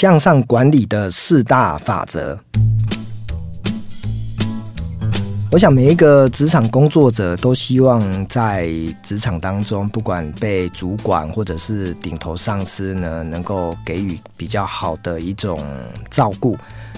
向上管理的四大法則，我想每一個職場工作者都希望在職場當中，不管被主管或者是頂頭上司呢，能夠給予比較好的一種照顧；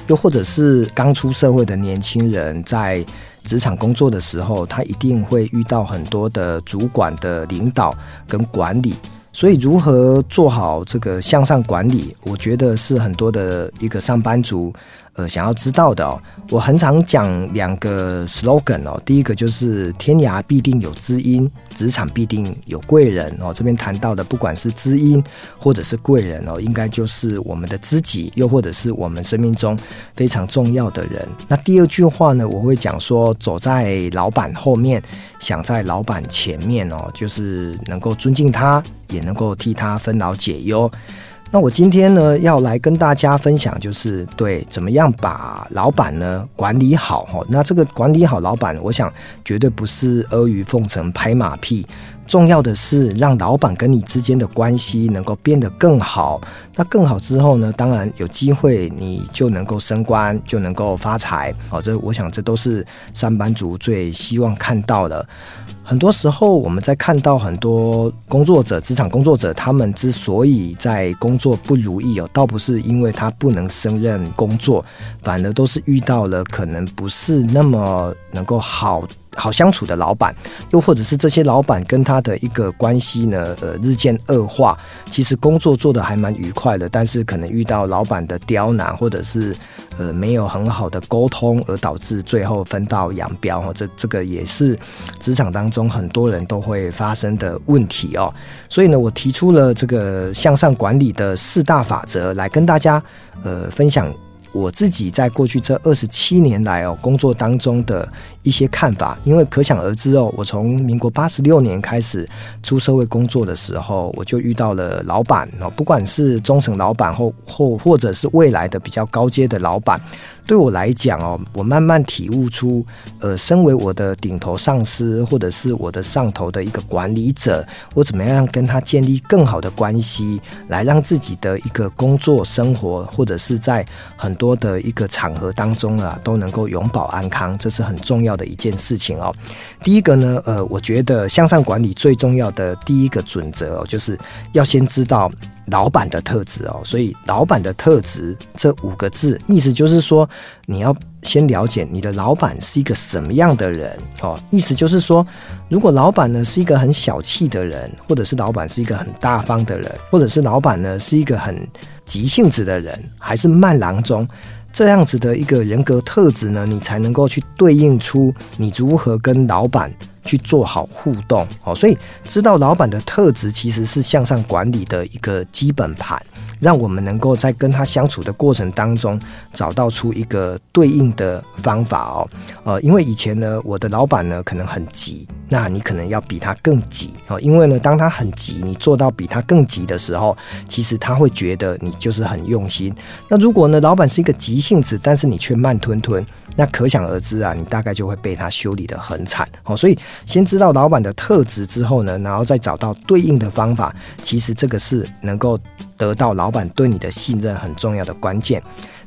又或者是剛出社會的年輕人在職場工作的時候，他一定會遇到很多的主管的領導跟管理。所以，如何做好這個向上管理，我覺得是很多的一個上班族。呃，想要知道的哦，我很常講兩個 slogan 哦。第一個就是天涯必定有知音，職場必定有貴人哦。這邊談到的，不管是知音或者是貴人哦，應該就是我們的知己，又或者是我們生命中非常重要的人。那第二句話呢，我會講說，走在老闆後面，想在老闆前面哦，就是能夠尊敬他，也能夠替他分勞解憂。那我今天呢，要來跟大家分享，就是對怎麼樣把老闆呢管理好哈。那這個管理好老闆，我想絕對不是阿諛奉承、拍馬屁。重要的是讓老闆跟你之間的關係能夠變得更好。那更好之後呢？當然有機會，你就能夠升官，就能夠發財。好、哦，這我想這都是上班族最希望看到的。很多時候，我們在看到很多工作者、職場工作者，他們之所以在工作不如意哦，倒不是因為他不能勝任工作，反而都是遇到了可能不是那麼能夠好。好相處的老板，又或者是這些老板跟他的一個關係呢？呃，日漸惡化。其實工作做得還蠻愉快的，但是可能遇到老板的刁難，或者是呃沒有很好的溝通，而導致最後分道揚鑣，哦。這這個也是職場當中很多人都會發生的問題哦。所以呢，我提出了這個向上管理的四大法則，來跟大家呃分享我自己在過去這二十七年來哦工作當中的。一些看法，因為可想而知哦。我從民國八十六年開始出社會工作的時候，我就遇到了老闆哦，不管是中層老闆或或或者是未來的比較高階的老闆，對我來講哦，我慢慢體悟出，呃，身為我的頂頭上司，或者是我的上頭的一個管理者，我怎麼樣跟他建立更好的關係，來讓自己的一個工作生活，或者是在很多的一個場合當中啊，都能夠永保安康，這是很重要。要的一件事情哦，第一個呢，呃，我覺得向上管理最重要的第一個準則哦，就是要先知道老闆的特質哦。所以，老闆的特質這五個字，意思就是說，你要先了解你的老闆是一個什麼樣的人哦。意思就是說，如果老闆呢是一個很小氣的人，或者是老闆是一個很大方的人，或者是老闆呢是一個很急性子的人，還是慢郎中。這樣子的一個人格特質呢，你才能夠去對應出你如何跟老闆去做好互動哦。所以，知道老闆的特質其實是向上管理的一個基本盤，讓我們能夠在跟他相處的過程當中找到出一個對應的方法哦。呃，因為以前呢，我的老闆呢，可能很急。那你可能要比他更急哦，因為呢，當他很急，你做到比他更急的時候，其實他會覺得你就是很用心。那如果呢，老板是一個急性子，但是你卻慢吞吞，那可想而知啊，你大概就會被他修理得很慘哦。所以先知道老板的特質之後呢，然後再找到對應的方法，其實這個是能夠得到老板對你的信任很重要的關鍵。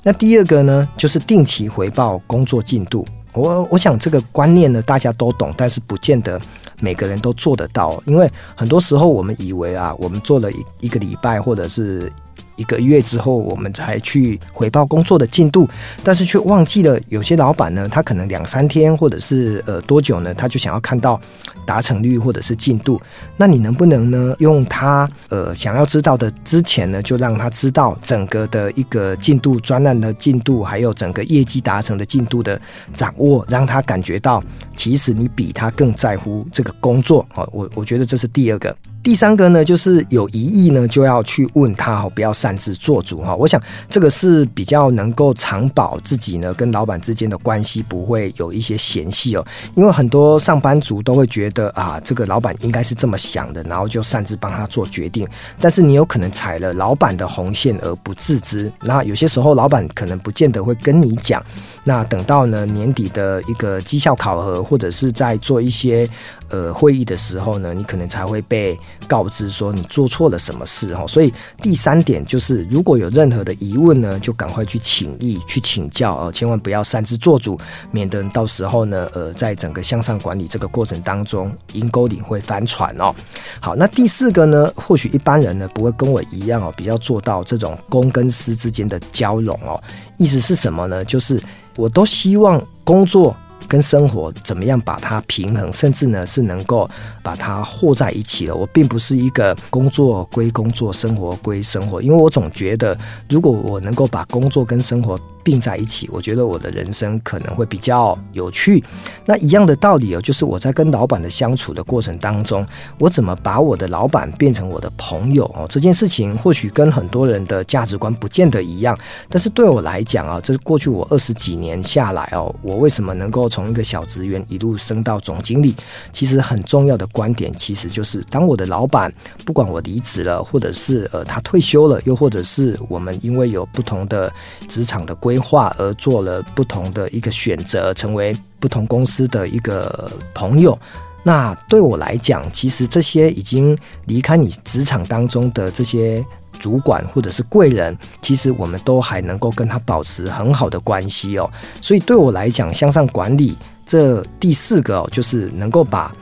那第二個呢，就是定期回報工作進度。我我想這個觀念呢，大家都懂，但是不見得每個人都做得到，因為很多時候我們以為啊，我們做了一一個禮拜或者是一個月之後，我們才去回報工作的進度，但是卻忘記了有些老闆呢，他可能兩三天或者是呃多久呢，他就想要看到達成率或者是進度。那你能不能呢，用他呃想要知道的之前呢，就讓他知道整個的一個進度專案的進度，還有整個業績達成的進度的掌握，讓他感覺到。其實你比他更在乎這個工作啊，我我覺得這是第二個。第三個呢，就是有疑義呢，就要去問他哈，不要擅自做主哈。我想這個是比較能夠長保自己呢，跟老闆之間的關係不會有一些嫌隙哦。因為很多上班族都會覺得啊，這個老闆應該是這麼想的，然後就擅自幫他做決定。但是你有可能踩了老闆的紅線而不自知。那有些時候老闆可能不見得會跟你講。那等到呢，年底的一個績效考核，或者是在做一些呃會議的時候呢，你可能才會被。告知說你做錯了什麼事哦。所以第三點就是如果有任何的疑問呢，就趕快去請益去請教哦，千萬不要擅自做主，免得到時候呢，呃，在整個向上管理這個過程當中，陰溝裡會翻船哦。好，那第四個呢，或許一般人呢不會跟我一樣哦，比較做到這種公跟私之間的交融哦。意思是什麼呢？就是我都希望工作。跟生活怎麼樣把它平衡，甚至呢是能夠把它合在一起了。我並不是一個工作歸工作，生活歸生活，因為我總覺得，如果我能夠把工作跟生活。併在一起，我覺得我的人生可能會比較有趣。那一樣的道理哦，就是我在跟老闆的相處的過程當中，我怎麼把我的老闆變成我的朋友哦？這件事情或許跟很多人的價值觀不見得一樣，但是對我來講啊，這是過去我二十幾年下來哦，我為什麼能夠從一個小職員一路升到總經理？其實很重要的觀點，其實就是當我的老闆不管我離職了，或者是呃他退休了，又或者是我們因為有不同的職場的規。規劃而做了不同的一個選擇，成為不同公司的一個朋友。那對我來講，其實這些已經離開你職場當中的這些主管或者是貴人，其實我們都還能夠跟他保持很好的關係哦。所以對我來講，向上管理這第四個哦，就是能夠把。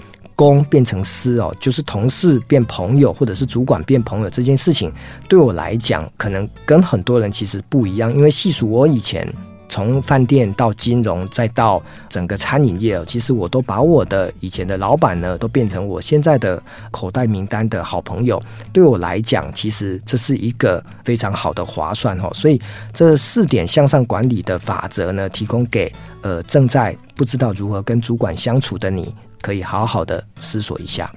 公變成私哦，就是同事變朋友，或者是主管變朋友這件事情，對我來講，可能跟很多人其實不一樣。因為細數我以前從飯店到金融，再到整個餐飲業，其實我都把我的以前的老闆呢，都變成我現在的口袋名單的好朋友。對我來講，其實這是一個非常好的划算哦。所以這四點向上管理的法則呢，提供給呃正在不知道如何跟主管相處的你。可以好好的思索一下。